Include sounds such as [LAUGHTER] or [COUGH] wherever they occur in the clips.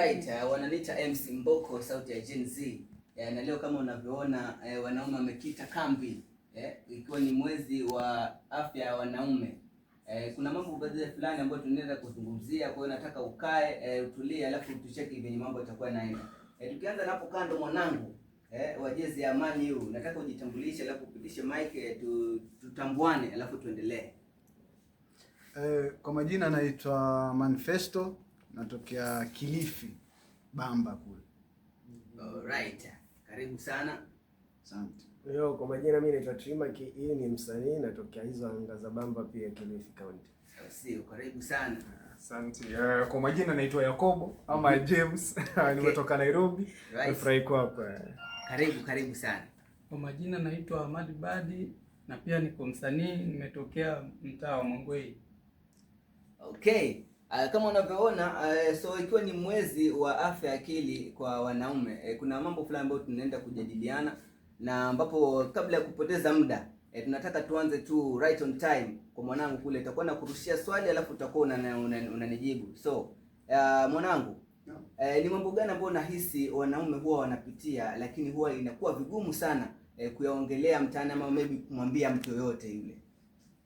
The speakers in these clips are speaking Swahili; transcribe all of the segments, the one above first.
Alright, uh, wananiita MC Mboko sauti ya Gen Z. eh, na leo kama unavyoona eh, wanaume wamekita kambi eh, ikiwa ni mwezi wa afya ya wanaume. eh, kuna mambo kadhaa fulani ambayo tunaweza kuzungumzia, kwa hiyo nataka ukae, eh, utulie, alafu tucheki venye mambo yatakuwa yanaenda. eh, tukianza napo kando mwanangu eh, wa jezi ya amani huu, nataka ujitambulishe, alafu upitishe mic eh, tu, tutambuane, alafu tuendelee. eh, kwa majina naitwa Manifesto natokea Kilifi Bamba kule. Alright. Karibu sana. Asante. Leo kwa majina mimi naitwa Trimaki, hii ni msanii natokea hizo anga za Bamba pia Kilifi County. Sio, karibu sana. Asante. Uh, kwa majina naitwa Yakobo ama mm-hmm. James. [LAUGHS] Okay. Nimetoka Nairobi. Nafurahi right. kuwa hapa. Eh. Karibu karibu sana. Kwa majina naitwa Ahmad Badi na pia niko msanii nimetokea mtaa wa Mongwei. Okay. Ah, kama unavyoona eh, so ikiwa ni mwezi wa afya akili kwa wanaume, eh, kuna mambo fulani ambayo tunaenda kujadiliana na ambapo, kabla ya kupoteza muda, eh, tunataka tuanze tu right on time. Kwa mwanangu kule, itakuwa nakurushia swali alafu utakuwa unanijibu. So uh, mwanangu no. uh, ni mambo gani ambayo unahisi wanaume huwa wanapitia lakini huwa inakuwa vigumu sana uh, kuyaongelea mtaani ama maybe kumwambia mtu yoyote yule?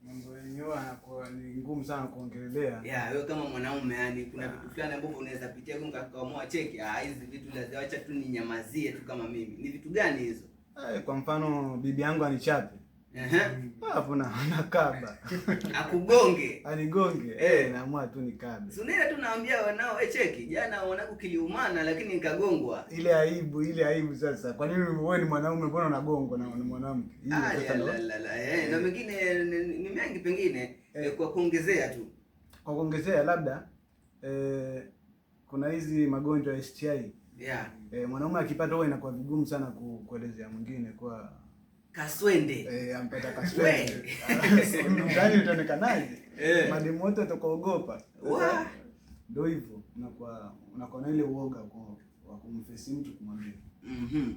mambo yenyewe anakuwa ni ngumu sana kuongelea. Yeah, wewe kama mwanaume yani kuna vitu fulani ambavyo unaweza pitia kwa kuamua cheki. Ah, hizi vitu lazima acha tu ninyamazie tu kama mimi. Ni vitu gani hizo? Eh, kwa mfano bibi yangu anichape. Mm. hapo na [LAUGHS] kaba [LAUGHS] akugonge anigonge eh. eh, naamua tu ni kabe Sunena tu naambia wanao eh, cheki jana wanangu kiliumana, lakini nikagongwa. Ile aibu ile aibu. Sasa kwa nini wewe ni mwanaume, mbona unagongwa na ni mwanamke? Ah, la, la, la, Eh, eh. na mengine ni mengi pengine eh. eh. Kwa kuongezea tu kwa kuongezea labda eh, kuna hizi magonjwa ya STI yeah. Eh, mwanaume akipata huwa inakuwa vigumu sana kuelezea mwingine kwa Kaswende. Eh, ampata Kaswende. Ndani [LAUGHS] utaonekanaje? Eh. Mademu wote watakuogopa. Ndio hivyo. Unakuwa unakuwa na ile uoga kwa kumfesi mtu kumwambia. Mhm. Mm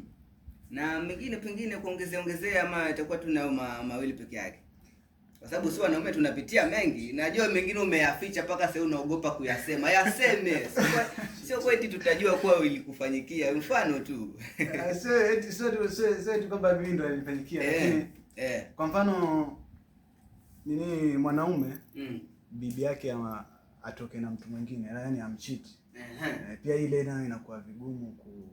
na mengine pengine kuongezea ongezea ama itakuwa tuna mawili peke yake kwa sababu si wanaume tunapitia mengi. Najua mengine umeyaficha mpaka sasa unaogopa kuyasema, yaseme. [LAUGHS] Sio kwa eti tutajua kuwa ilikufanyikia, mfano tu eh, sio eti sio sio eti kwamba mimi ndo nilifanyikia, eh, lakini eh, kwa mfano nini, mwanaume mm. bibi yake ama atoke na mtu mwingine, yaani amchiti uh-huh. Pia ile nayo inakuwa vigumu ku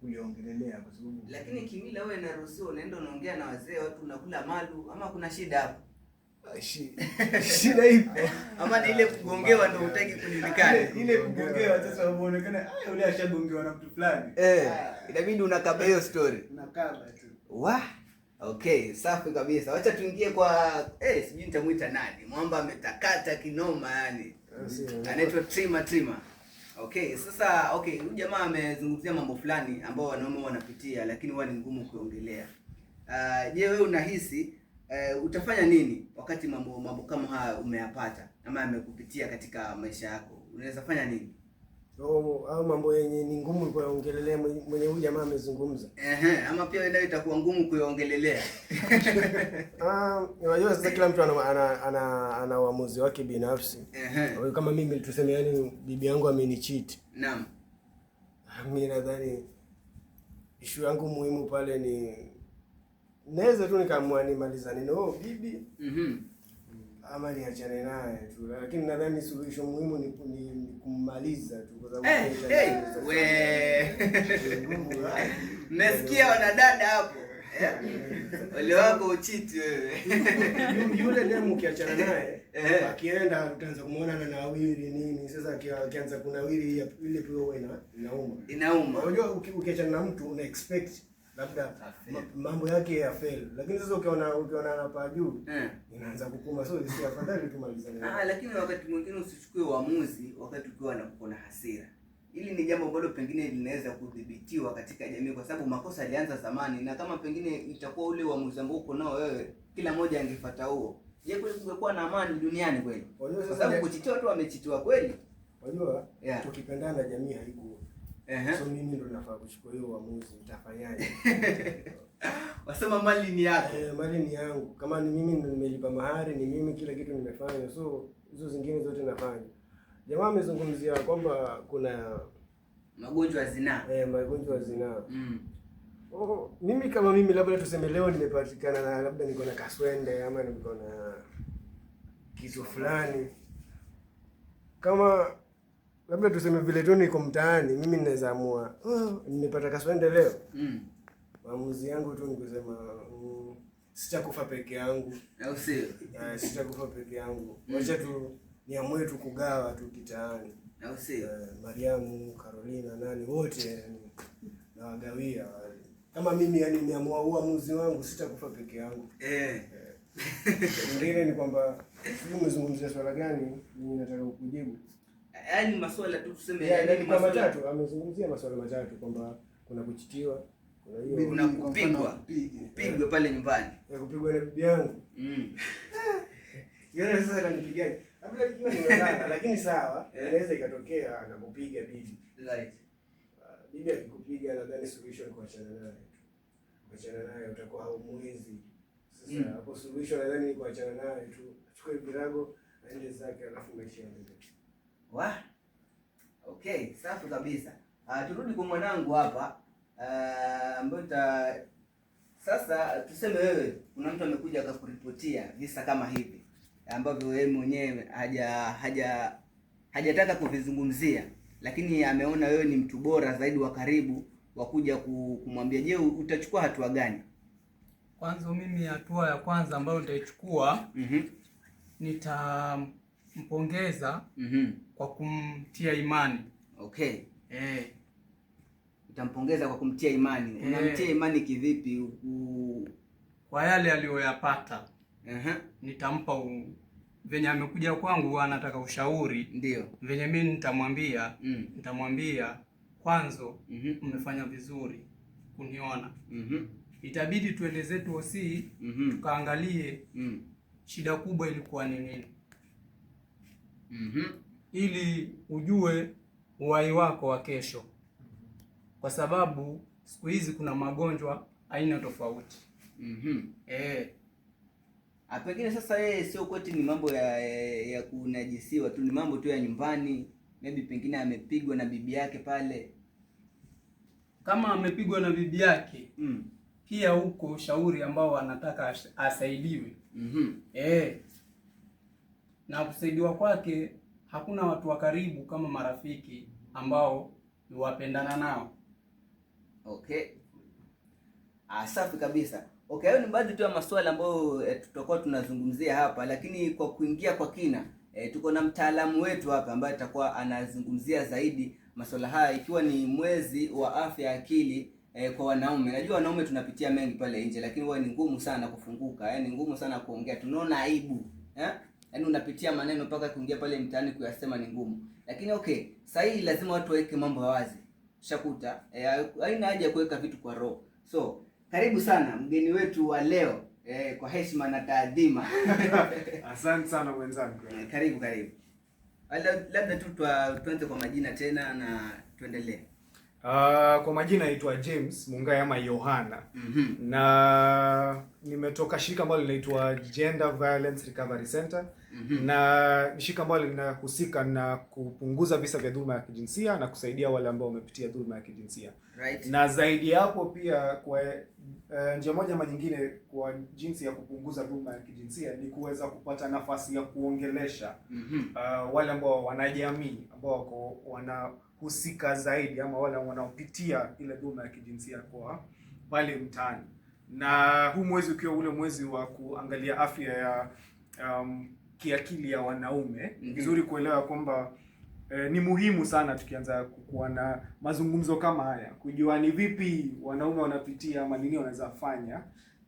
kuliongelelea kwa sababu, lakini kimila wewe inaruhusiwa, unaenda unaongea na wazee, watu unakula malu, ama kuna shida hapo? Ah, shida ipi? Ama ni ile kugongewa ndio utaki kujulikana. [LAUGHS] Ile kugongewa sasa unaonekana yule ashagongewa na mtu fulani. Eh, inabidi unakaba hiyo story. Unakaba tu. wa Okay, safi kabisa. Wacha tuingie kwa eh, sijui nitamuita nani. Mwamba ametakata kinoma yani. Anaitwa Trima Trima. Okay, sasa okay, huyu jamaa amezungumzia mambo fulani ambao wanaume wanapitia lakini huwa ni ngumu kuongelea. Uh, je, wewe unahisi e, utafanya nini wakati mambo mambo kama haya umeyapata ama yamekupitia katika maisha yako? Unaweza fanya nini? au mambo yenye ni ngumu kuyaongelelea mwenye huyu jamaa amezungumza. Ehe, ama pia ndio itakuwa ngumu kuyaongelelea. [LAUGHS] Ah, unajua sasa kila mtu ana ana ana, ana uamuzi wake binafsi. Ehe. Kama mimi tuseme yani bibi yangu amenicheat. Naam. Mimi nadhani ishu yangu muhimu pale ni naweza tu nikamua nimaliza neno oh, bibi mm -hmm. ama niachane naye tu, lakini nadhani suluhisho muhimu ni, ni, ni kummaliza tu kwa sababu eh, hey, hey, we mmesikia [LAUGHS] wanadada hapo wale eh, wako uchiti wewe yule demu ukiachana naye eh, akienda utaanza kumuona na nawiri nini. Sasa akianza kunawiri ile pia inauma, inauma. Unajua ukiachana na mtu una expect labda mambo yake ya fail, lakini sasa ukiona ukiona hapa juu eh, inaanza kukuma. So sisi afadhali tumalizane. Ah, lakini wakati mwingine usichukue uamuzi wakati ukiwa na kuna hasira. Hili ni jambo ambalo pengine linaweza kudhibitiwa katika jamii, kwa sababu makosa yalianza zamani, na kama pengine itakuwa ule uamuzi ambao uko nao wewe, kila mmoja angefuata huo, je, kweli kungekuwa na amani duniani kweli? Kwa sababu kuchitiwa tu wamechitiwa kweli. Unajua, yeah, tukipendana jamii haikuwa So mimi ndo nafaa kuchukua hiyo uamuzi, nitafanyaje? [LAUGHS] Wasema mali ni yako. Eh, mali ni yangu. Kama ni mimi ndo nimelipa mahari, ni mimi kila kitu nimefanya, so hizo zingine zote nafanya. Jamaa amezungumzia kwamba kuna magonjwa ya zinaa. Eh, magonjwa ya zinaa. Mm. Oh, mimi kama mimi labda tuseme leo nimepatikana na labda niko na kaswende ama niko na kitu fulani kama labda tuseme vile tu niko mtaani, mimi ninaweza amua oh, nimepata kaswende leo mm. Maamuzi yangu tu ni kusema uh, sitakufa peke yangu au si Uh, ah, sitakufa peke yangu mm. Wacha tu niamue tu kugawa tu kitaani au si Uh, eh, Mariamu, Carolina, nani wote yani nawagawia wale. Kama mimi yani nimeamua uamuzi wangu sitakufa peke yangu eh. eh. Ingine ni kwamba sijui umezungumzia swala gani, mimi nataka kukujibu yaani masuala tu tuseme yaani kwa matatu, amezungumzia masuala matatu kwamba kuna kuchitiwa, kuna hiyo kuna kupigwa, kupigwa pale nyumbani na eh, kupigwa na bibi yangu mm. [LAUGHS] Yeye sasa ananipigia Labda kitu ni [LAUGHS] lakini sawa, eh. inaweza ikatokea anakupiga bibi. Right. Ah, bibi akikupiga nadhani solution kwa chana naye. Kwa chana naye utakuwa haumwezi. Sasa mm. hapo solution nadhani ni kwa chana naye tu. Achukue virago aende zake alafu maisha yanaendelea. Wa? Okay, safi kabisa. Uh, turudi kwa mwanangu hapa ambayo ah, uh, sasa tuseme wewe kuna mtu amekuja akakuripotia visa kama hivi ambavyo wewe mwenyewe haja haja hajataka kuvizungumzia, lakini ameona wewe ni mtu bora zaidi wa karibu wa kuja kumwambia. Je, utachukua hatua gani? Kwanza mimi hatua ya kwanza ambayo nitaichukua mm -hmm. nita kumpongeza mm -hmm. kwa kumtia imani. Okay. Eh. Utampongeza kwa kumtia imani. Eh. Unamtia imani kivipi? U... kwa yale aliyoyapata. Mhm. Uh -huh. Nitampa u... venye amekuja kwangu anataka ushauri. Ndio. Venye mimi nitamwambia, mm. nitamwambia kwanzo mmefanya mhm. mm -hmm. vizuri kuniona. mm -hmm. Itabidi tuende zetu mm -hmm. tukaangalie mm. shida kubwa ilikuwa ni nini mm -hmm. ili ujue uhai wako wa kesho, kwa sababu siku hizi kuna magonjwa aina tofauti mm -hmm. eh. Ah, pengine sasa yeye sio kweti, ni mambo ya, ya kunajisiwa tu, ni mambo tu ya nyumbani, maybe pengine amepigwa na bibi yake pale. Kama amepigwa na bibi yake mm. pia huko ushauri ambao anataka asaidiwe mm -hmm. eh, na kusaidiwa kwake hakuna watu wa karibu kama marafiki ambao wapendana nao. Okay, ah, safi kabisa. Okay, hayo ni baadhi tu ya masuala ambayo e, tutakuwa tunazungumzia hapa, lakini kwa kuingia kwa kina e, tuko na mtaalamu wetu hapa ambaye atakuwa anazungumzia zaidi masuala haya, ikiwa ni mwezi wa afya akili e, kwa wanaume. Najua wanaume tunapitia mengi pale nje, lakini huwa ni ngumu sana kufunguka, yaani ngumu sana kuongea, tunaona aibu eh? yaani unapitia maneno mpaka kuingia pale mtaani kuyasema ni ngumu, lakini okay, saa hii lazima watu waweke mambo wazi. Shakuta eh, haina e, haja ya kuweka vitu kwa roho. So karibu sana mgeni wetu wa leo e, kwa heshima na taadhima [LAUGHS] asante sana mwenzangu, eh, karibu karibu. Labda tu tuanze kwa majina tena na tuendelee. Uh, kwa majina naitwa James Mungai ama Yohana. mm -hmm. Na nimetoka shirika ambalo linaitwa Gender Violence Recovery Center. mm -hmm. Na shirika ambalo linahusika na kupunguza visa vya dhuluma ya kijinsia na kusaidia wale ambao wamepitia dhuluma ya kijinsia. Right. Na zaidi ya hapo pia kwa uh, njia moja ama nyingine kwa jinsi ya kupunguza dhuluma ya kijinsia ni kuweza kupata nafasi ya kuongelesha mm -hmm. uh, wale ambao wanajamii ambao wako wana husika zaidi ama wale wanaopitia ile dhulma ya kijinsia kwa pale mtaani, na huu mwezi ukiwa ule mwezi wa kuangalia afya ya um, kiakili ya wanaume mm -hmm. Vizuri kuelewa kwamba eh, ni muhimu sana tukianza kuwa na mazungumzo kama haya, kujua ni vipi wanaume wanapitia ama nini wanaweza fanya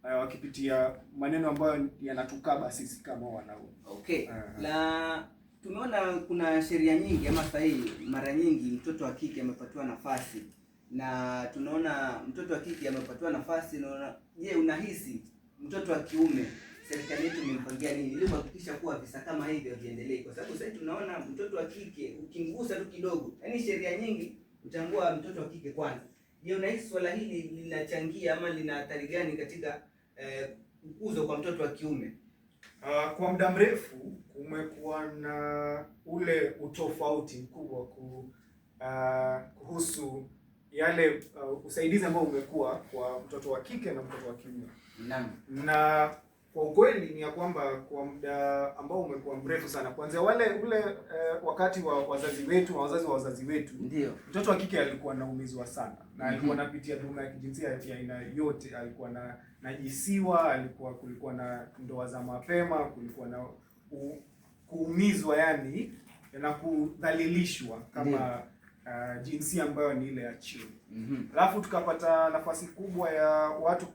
uh, wakipitia maneno ambayo yanatukaba sisi kama wanaume okay. uh ah. -huh. la tumeona kuna sheria nyingi ama sasa hii mara nyingi mtoto wa kike amepatiwa nafasi na tunaona mtoto wa kike amepatiwa nafasi. Naona je, unahisi mtoto wa kiume serikali yetu imempangia nini ili kuhakikisha kuwa visa kama hivi haviendelei? Kwa sababu sasa tunaona mtoto wa kike ukingusa tu kidogo, yaani sheria nyingi utangua mtoto wa kike kwanza. Je, unahisi swala hili linachangia ama lina athari gani katika eh, ukuzo kwa mtoto wa kiume? Uh, kwa muda mrefu kumekuwa na ule utofauti mkubwa ku, uh, kuhusu yale uh, usaidizi ambao umekuwa kwa mtoto wa kike na mtoto wa kiume. Na kwa ukweli ni ya kwamba kwa muda ambao umekuwa mrefu sana, kuanzia wale ule uh, wakati wa wazazi wetu wa wazazi wa wazazi wetu, ndio mtoto wa kike alikuwa anaumizwa sana na mhm. alikuwa anapitia dhuluma ya kijinsia ya aina yote, alikuwa na najisiwa, alikuwa kulikuwa na ndoa za mapema, kulikuwa na u, kuumizwa yani na kudhalilishwa kama uh, jinsia ambayo ni ile ya chini. Mhm. Alafu mm -hmm. tukapata nafasi kubwa ya watu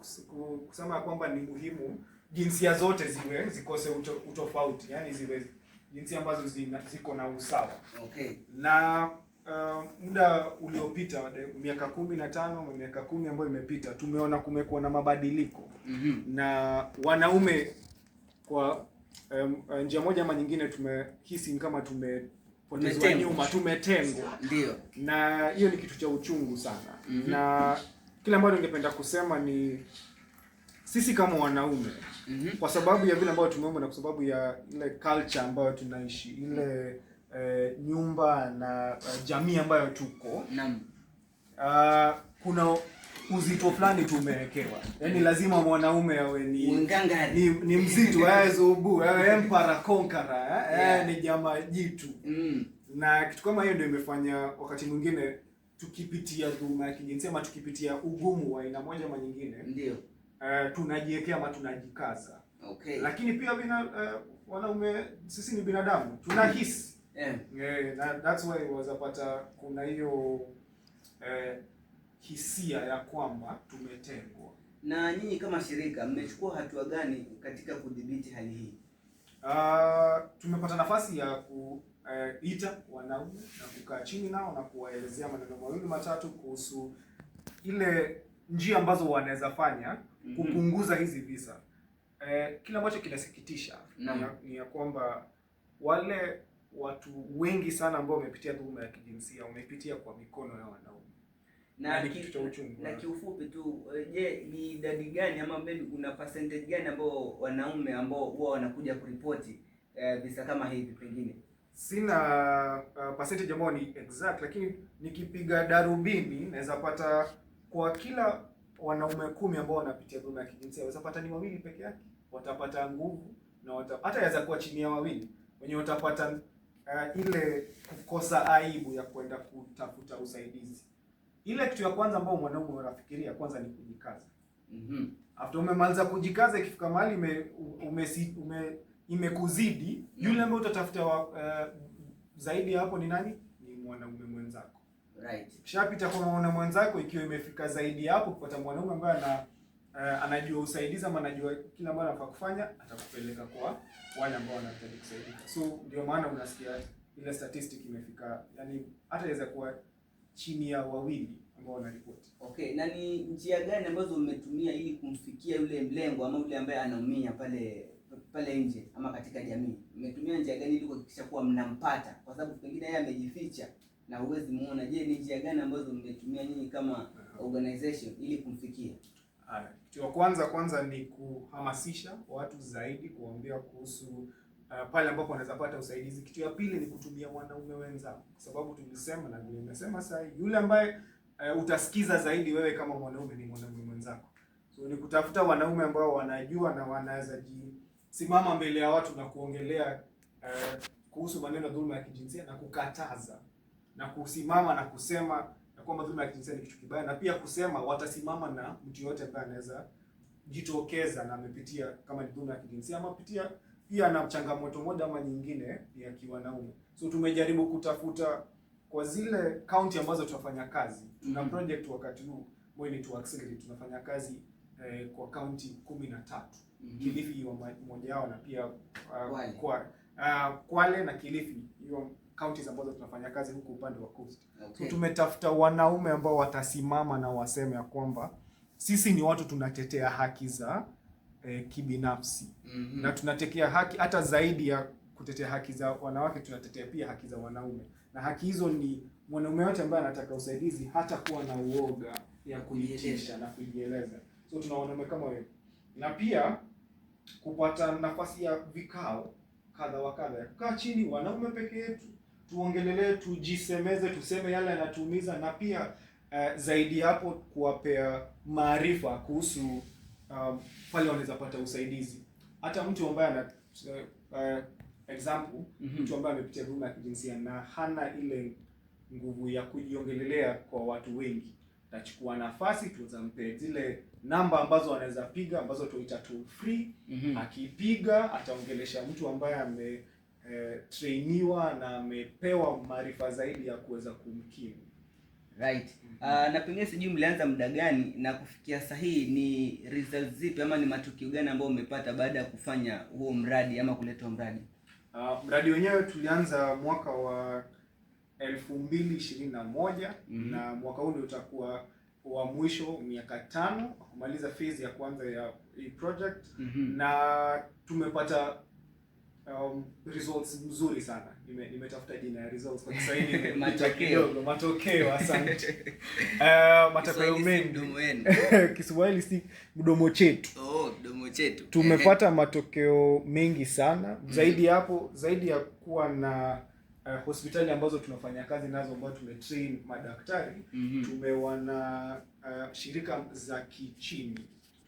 kusema kwamba ni muhimu jinsia zote ziwe zikose uto, utofauti, yani ziwe jinsia ambazo ziko na usawa okay. Na uh, muda uliopita miaka kumi na tano miaka kumi ambayo imepita tumeona kumekuwa na mabadiliko mm -hmm. Na wanaume kwa um, uh, njia moja ama nyingine tumehisi kama tume nyuma, tumetengwa. Ndio, na hiyo ni kitu cha uchungu sana mm -hmm. Na kile ambacho ningependa kusema ni sisi kama wanaume mm -hmm. kwa sababu ya vile ambayo tumeomba na kwa sababu ya ile culture ambayo tunaishi ile e, nyumba na uh, jamii ambayo tuko Naam. Uh, kuna uzito fulani tumewekewa, yaani lazima mwanaume awe ni, ni, ni mzito zubu [LAUGHS] awe empara konkara eh, yeah. ni jamaa jitu mm. na kitu kama hiyo ndio imefanya wakati mwingine tukipitia dhuma ya kijinsia ama tukipitia ugumu wa aina moja ama nyingine ndio uh, eh, tunajiwekea ama tunajikaza okay. Lakini pia bina, uh, wanaume sisi ni binadamu tunahisi yeah. Yeah, na, that's why wazapata kuna hiyo uh, hisia ya kwamba tumetengwa. Na nyinyi kama shirika mmechukua hatua gani katika kudhibiti hali hii? Uh, tumepata nafasi ya kuita uh, wanaume na kukaa chini nao na kuwaelezea maneno mawili matatu kuhusu ile njia ambazo wanaweza fanya Mhm. kupunguza hizi visa. Eh, kile ambacho kinasikitisha ni ya kwamba wale watu wengi sana ambao wamepitia dhuluma ya kijinsia wamepitia kwa mikono ya wanaume na ni kitu cha uchungu. Na kiufupi tu, eh, je, ni idadi gani ama maybe una percentage gani ambao wanaume ambao huwa wanakuja kuripoti eh, visa kama hivi? Pengine sina uh, percentage ambayo ni exact, lakini nikipiga darubini naweza pata kwa kila wanaume kumi ambao wanapitia dhuluma ya kijinsia waweza ni wawili peke yake, watapata nguvu na wata, hata yaweza kuwa chini ya wawili wenye watapata uh, ile kukosa aibu ya kwenda kutafuta usaidizi. Ile kitu ya kwanza ambayo mwanaume anafikiria kwanza ni kujikaza. Mhm. Mm After umemaliza kujikaza, ikifika mahali ume, ume, ume imekuzidi, yule ambaye utatafuta uh, zaidi ya hapo ni nani? Ni mwanaume mwenzako. Right. Kishapita kwa mwanaume mwenzako ikiwa imefika zaidi hapo kupata mwanaume ambaye ana uh, anajua usaidizi ama anajua kila mara anafaa kufanya atakupeleka kwa wale ambao wanahitaji kusaidika. So ndio maana unasikia ile statistic imefika yani hata inaweza kuwa chini ya wawili ambao wanaripoti. Okay, na ni njia gani ambazo umetumia ili kumfikia yule mlengo ama yule ambaye anaumia pale pale nje ama katika jamii? Umetumia njia gani ili kuhakikisha kuwa mnampata? Kwa sababu pengine yeye amejificha na huwezi muona, je, ni njia gani ambazo mmetumia nyinyi kama organization ili kumfikia? Haya, kitu cha kwanza kwanza ni kuhamasisha watu zaidi, kuwaambia kuhusu Uh, pale ambapo wanaweza pata usaidizi. Kitu ya pili ni kutumia wanaume wenzao, kwa sababu tulisema na nimesema sasa, yule ambaye uh, utasikiza zaidi wewe kama mwanaume ni mwanaume mwenzako. So ni kutafuta wanaume ambao wanajua na wanaweza jisimama mbele ya watu na kuongelea uh, kuhusu maneno ya dhuluma ya kijinsia na kukataza na kusimama na kusema na kwamba dhuluma ya kijinsia ni kitu kibaya, na pia kusema watasimama na mtu yote ambaye anaweza jitokeza na amepitia kama ni dhuluma ya kijinsia ama pitia pia na changamoto moja ama nyingine ya kiwanaume. So tumejaribu kutafuta kwa zile kaunti ambazo tunafanya kazi, tuna mm-hmm. project wakati huu ambayo ni to tunafanya kazi eh, kwa kaunti kumi na tatu mm -hmm. Kilifi mmoja wao na pia uh, Kwale. Kwa, uh, Kwale na Kilifi hiyo counties ambazo tunafanya kazi huku upande wa coast. Okay. So tumetafuta wanaume ambao watasimama na waseme ya kwamba sisi ni watu tunatetea haki za eh, kibinafsi mm -hmm. na tunatetea haki hata zaidi ya kutetea haki za wanawake, tunatetea pia haki za wanaume, na haki hizo ni mwanaume yote ambaye anataka usaidizi hata kuwa na uoga ya kuitisha na kujieleza. So tuna wanaume kama wewe, na pia kupata nafasi ya vikao kadha wa kadha ya kukaa chini wanaume peke yetu tuongelelee, tujisemeze, tuseme yale yanatuumiza, na pia uh, zaidi hapo kuwapea maarifa kuhusu um, pale wanaweza pata usaidizi. Hata mtu ambaye ana uh, example mm -hmm. mtu ambaye amepitia dhuluma ya kijinsia na hana ile nguvu ya kujiongelelea kwa watu wengi, tachukua nafasi, mpe zile namba ambazo anaweza piga ambazo tuita toll free mm -hmm. akipiga ataongelesha mtu ambaye ame eh, trainiwa na amepewa maarifa zaidi ya kuweza kumkimu. Right. Mm -hmm. Uh, na pengine sijui mlianza muda gani na kufikia sahihi ni results zipi ama ni matukio gani ambayo umepata baada ya kufanya huo mradi ama kuleta mradi? Uh, mradi wenyewe tulianza mwaka wa elfu mbili ishirini na moja mm -hmm. na mwaka huu ndio utakuwa wa mwisho miaka tano kumaliza phase ya kwanza ya hii project mm -hmm. na tumepata um, results mzuri sana. Nimetafuta nime jina ya results kwa [LAUGHS] matokeo, matokeo asante. [LAUGHS] Uh, matokeo mengi [LAUGHS] Kiswahili si mdomo chetu. Oh, mdomo chetu. Tumepata matokeo mengi sana mm. zaidi hapo, zaidi ya kuwa na uh, hospitali ambazo tunafanya kazi nazo ambayo tumetrain madaktari mm -hmm. Tumewana uh, shirika za kichini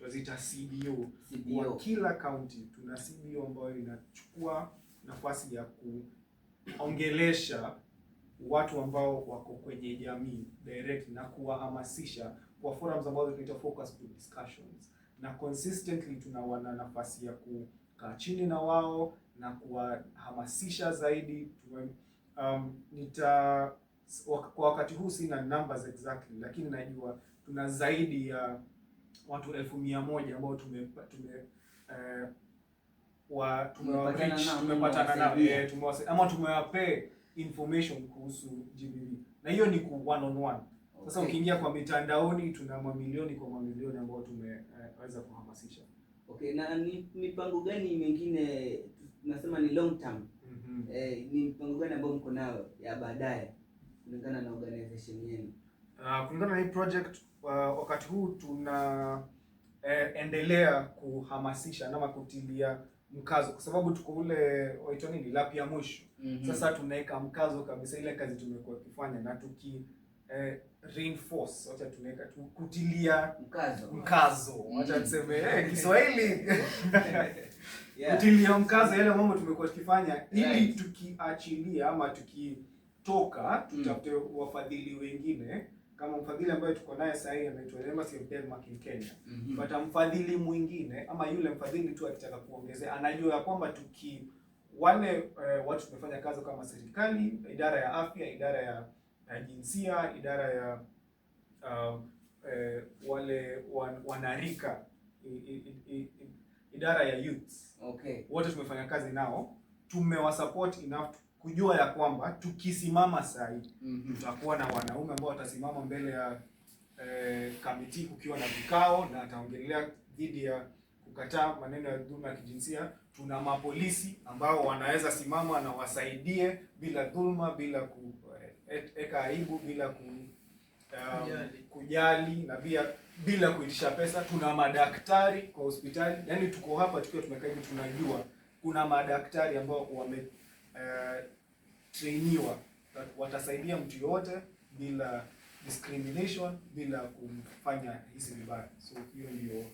tunaziita CBO. CBO kwa kila kaunti tuna CBO ambayo inachukua nafasi ya kuongelesha watu ambao wako kwenye jamii direct na kuwahamasisha kwa forums ambazo tunaita focus group discussions, na consistently tunawana nafasi ya kukaa chini na wao na kuwahamasisha zaidi. Um, nita kwa wakati huu sina numbers exactly, lakini najua tuna zaidi ya uh, watu elfu mia moja ambao tume tumewapee eh, tumepatana nao eh, tumewape information kuhusu GBV na hiyo ni ku one on one. Sasa okay. Ukiingia kwa mitandaoni tuna mamilioni kwa mamilioni ambao tumeweza eh, uh, kuhamasisha. Okay, na ni mipango gani mingine tunasema ni long term? Mm -hmm. Eh, ni mipango gani ambayo mko nayo ya baadaye kulingana na organization yenu? Uh, kulingana na hii project wakati huu tuna eh, endelea kuhamasisha ama kutilia mkazo kwa sababu tuko ule waitwa nini lap ya mwisho. mm -hmm. Sasa tunaweka mkazo kabisa ile kazi tumekuwa tukifanya na tuki eh, reinforce, acha tunaweka tu kutilia mkazo mkazo, mhm. acha tuseme [LAUGHS] eh, Kiswahili [LAUGHS] yeah. kutilia mkazo yale mambo tumekuwa tukifanya ili right. tukiachilia ama tukitoka tutafute mm. wafadhili wengine kama mfadhili ambaye tuko naye sasa hivi anaitwa Embassy of Denmark Kenya. mm -hmm. Mfadhili mwingine ama yule mfadhili tu akitaka kuongezea, anajua ya kwamba tuki wale uh, eh, watu tumefanya kazi kama serikali, idara ya afya, idara ya, ya jinsia, idara ya uh, eh, wale wan, wanarika I, I, I, idara ya youth okay. Wote tumefanya kazi nao, tumewasupport enough kujua ya kwamba tukisimama sahihi mm -hmm. tutakuwa na wanaume ambao watasimama mbele ya e, kamiti kukiwa na vikao na ataongelea dhidi ya kukataa maneno ya dhulma ya kijinsia. Tuna mapolisi ambao wanaweza simama na wasaidie bila dhulma, bila kueka eh, aibu, bila ku, um, kujali. kujali na pia bila kuitisha pesa. Tuna madaktari kwa hospitali, yaani tuko hapa tukiwa tumekaa hivi, tunajua kuna madaktari ambao wame Uh, trainiwa watasaidia mtu yote bila discrimination, bila kumfanya hisi vibaya. So hiyo ndio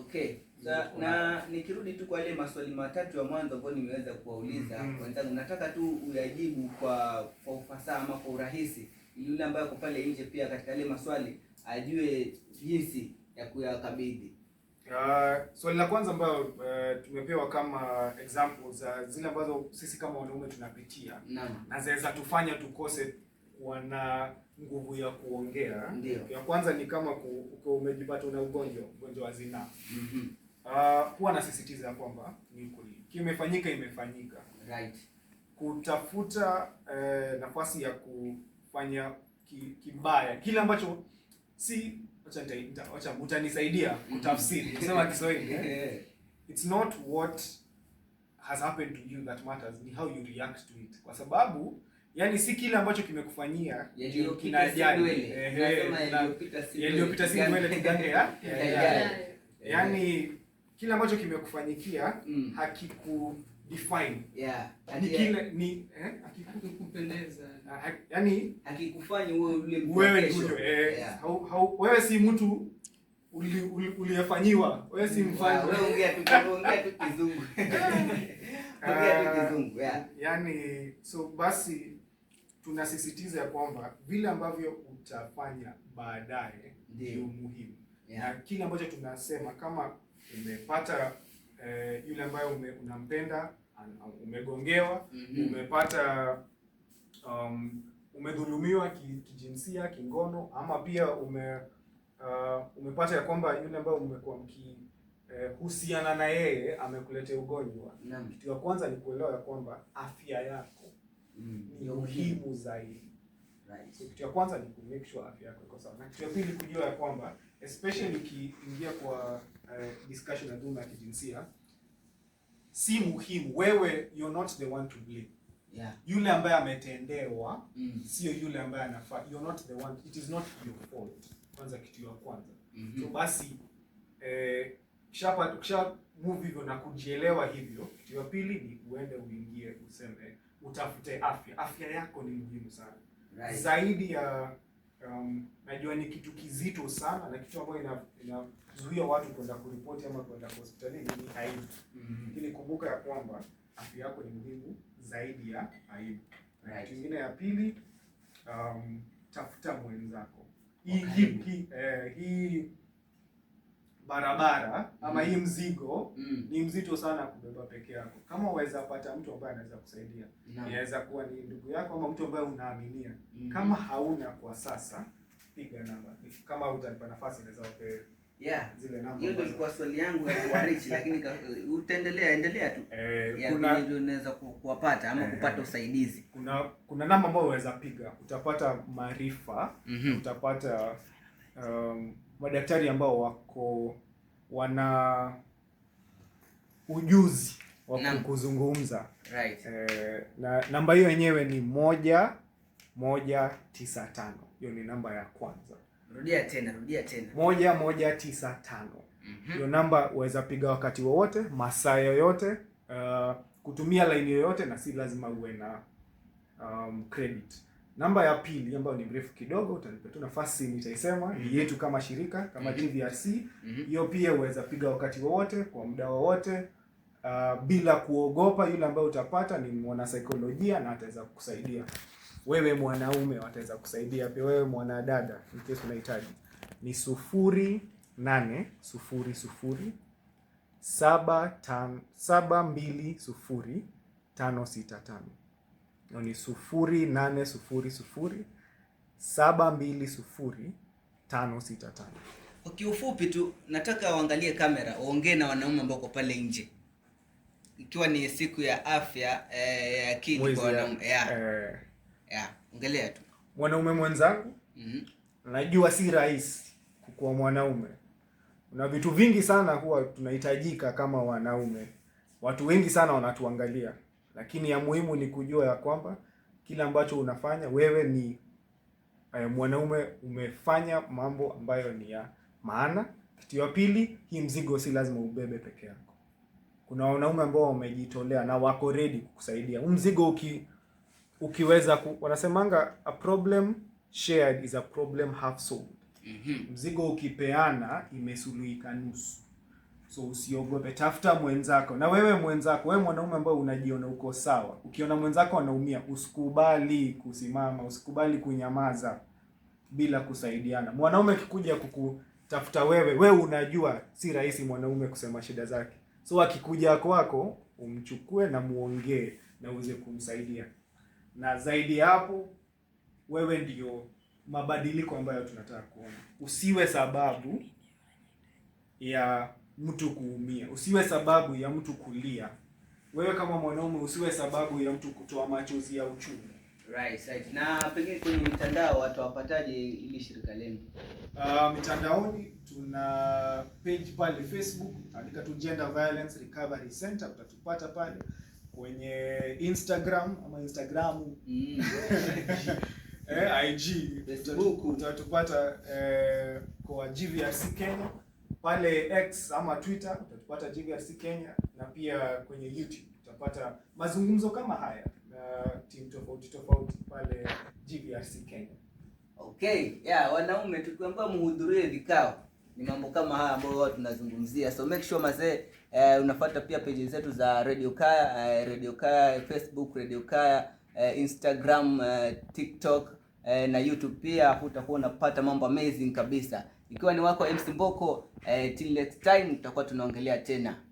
okay. na, na nikirudi tu kwa ile maswali matatu ya mwanzo ambayo nimeweza kuwauliza mm -hmm. wenzangu, nataka tu uyajibu kwa kwa ufasaha ama kwa urahisi, ili yule ambaye ako pale nje pia katika ile maswali ajue jinsi ya kuyakabidhi. Uh, swali la kwanza ambayo uh, tumepewa kama examples za uh, zile ambazo sisi kama wanaume tunapitia na zaweza tufanya tukose kuwa na nguvu ya kuongea. Ndiyo. Ya kwanza ni kama uko umejipata na ugonjwa ugonjwa wa zinaa. mm -hmm. Uh, huwa nasisitiza kwamba ni kweli kimefanyika, imefanyika right. Kutafuta uh, nafasi ya kufanya kibaya kile ambacho si acha utanisaidia kutafsiri kusema [LAUGHS] Kiswahili eh? It's not what has happened to you that matters, ni how you react to it, kwa sababu yani si kile ambacho kimekufanyia ndio kinajali yaliyopita si ndwele yani kile ambacho kimekufanyikia mm. hakiku define yeah, ni kile ni eh, akikupendeza yani, akikufanya wewe ule wewe ndio eh, hau, wewe si mtu uliyefanyiwa wewe si mfano wewe ongea tu ongea tu kizungu [LAUGHS] ongea tu kizungu yeah. Yani, so basi tunasisitiza ya kwamba vile ambavyo utafanya baadaye ndio muhimu yeah. na kile ambacho tunasema kama umepata eh, yule ambaye ume, unampenda umegongewa, mm -hmm. umepata um, umedhulumiwa kijinsia, kingono ama pia ume uh, umepata ya kwamba yule ambaye umekuwa mkihusiana eh, na yeye amekuletea ugonjwa. Kitu ya kwanza ni kuelewa ya kwamba afya yako mm. ni muhimu zaidi right. So, kitu ya kwanza ni ku make sure afya yako iko sawa, na kitu ya pili kujua ya kwamba especially ikiingia kwa uh, discussion ya dhuluma ya kijinsia si muhimu. Wewe you're not the one to blame yeah. Yule ambaye ametendewa mm. sio yule ambaye anafaa. You're not the one, it is not your fault. Kwanza kitu ya kwanza mm -hmm. So basi eh, kishapa ukisha move hivyo na kujielewa hivyo, kitu ya pili ni uende uingie useme, utafute afya. Afya yako ni muhimu sana right. zaidi ya um, najua ni kitu kizito sana na kitu ambayo inazuia ina watu kwenda kuripoti ama kwenda hospitalini ni aibu. Mm-hmm. Lakini mm -hmm. kumbuka ya kwamba afya yako ni muhimu zaidi ya aibu. Right. Kitu kingine ya pili, um, tafuta mwenzako hii okay. hii, hii, eh, hii barabara ama mm. hii mzigo mm. ni mzito sana kubeba peke yako. Kama waweza pata mtu ambaye anaweza kusaidia, inaweza kuwa ni ndugu yako ama mtu ambaye unaaminia mm. kama hauna kwa sasa, piga namba. Kama utanipa nafasi, naweza upewe Yeah. Zile namba. Hiyo ilikuwa swali yangu ya kuwarichi lakini utaendelea endelea tu. Eh, ya kuna unaweza kuwapata ama eh, kupata eh. usaidizi. Kuna kuna namba ambayo unaweza piga, utapata maarifa, mm -hmm. utapata um, madaktari ambao wako wana ujuzi wa kuzungumza right. E, na namba hiyo yenyewe ni moja moja tisa tano. Hiyo ni namba ya kwanza. Rudia tena, rudia tena. Moja moja tisa tano. Mhm. Hiyo namba waweza piga wakati wowote, masaa yoyote, uh, kutumia laini yoyote na si lazima uwe na um, credit. Namba ya pili ambayo ni mrefu kidogo, utanipa tu nafasi nitaisema, ni mhm. yetu kama shirika kama JVRC mhm. mhm. hiyo mm -hmm. pia uweza piga wakati wowote kwa muda wowote, uh, bila kuogopa. Yule ambaye utapata ni mwanasaikolojia na ataweza kukusaidia wewe mwanaume, wataweza kusaidia pia wewe mwanadada, in case unahitaji. Ni sufuri nane sufuri sufuri saba saba mbili sufuri tano sita tano ni sufuri nane sufuri sufuri saba mbili sufuri tano sita tano. Kwa kiufupi tu nataka uangalie kamera, waongee na wanaume ambao ko pale nje, ikiwa ni siku ya afya eh, ya akili kwa wanaume ya, eh, ya, ongelea tu mwanaume mwenzangu. mm -hmm. Najua si rahisi kuwa mwanaume, una vitu vingi sana huwa tunahitajika kama wanaume. Watu wengi sana wanatuangalia lakini ya muhimu ni kujua ya kwamba kila ambacho unafanya wewe ni eh, mwanaume umefanya mambo ambayo ni ya maana. Kitu ya pili, hii mzigo si lazima ubebe peke yako. Kuna wanaume ambao wamejitolea na wako ready kukusaidia mzigo uki, ukiweza ku, wanasemanga a problem shared is a problem half solved. Mhm. Mzigo ukipeana imesuluhika nusu. So usiogope, tafuta mwenzako. Na wewe mwenzako, wewe mwanaume ambaye unajiona uko sawa, ukiona mwenzako anaumia, usikubali kusimama, usikubali kunyamaza bila kusaidiana. Mwanaume akikuja kukutafuta wewe, wewe unajua si rahisi mwanaume kusema shida zake, so akikuja kwako umchukue na muongee na uweze kumsaidia, na zaidi ya hapo, wewe ndio mabadiliko ambayo tunataka kuona. Usiwe sababu ya mtu kuumia, usiwe sababu ya mtu kulia. Wewe kama mwanaume usiwe sababu ya mtu kutoa machozi ya uchungu. Right, right. Na pengine kwenye mitandao watu wapataje ili shirika lenu? Uh, mitandaoni tuna page pale Facebook, andika tu Gender Violence Recovery Center utatupata pale. Kwenye Instagram ama Instagramu mm. [LAUGHS] eh, IG Facebook utatupata eh, kwa GVRC Kenya pale X ama Twitter utatupata JVRC Kenya, na pia kwenye YouTube utapata mazungumzo kama haya na timu tofauti tofauti pale JVRC Kenya. Okay, yeah, wanaume tukiambiwa mhudhurie vikao ni mambo kama haya ambayo huwa tunazungumzia, so make sure mazee eh, unafuata pia peji zetu za Radio Kaya eh, Radio Kaya Facebook, Radio Kaya eh, Instagram eh, TikTok eh, na YouTube pia, utakuwa unapata mambo amazing kabisa. Ikiwa ni wako MC Mboko, eh, till next time tutakuwa tunaongelea tena.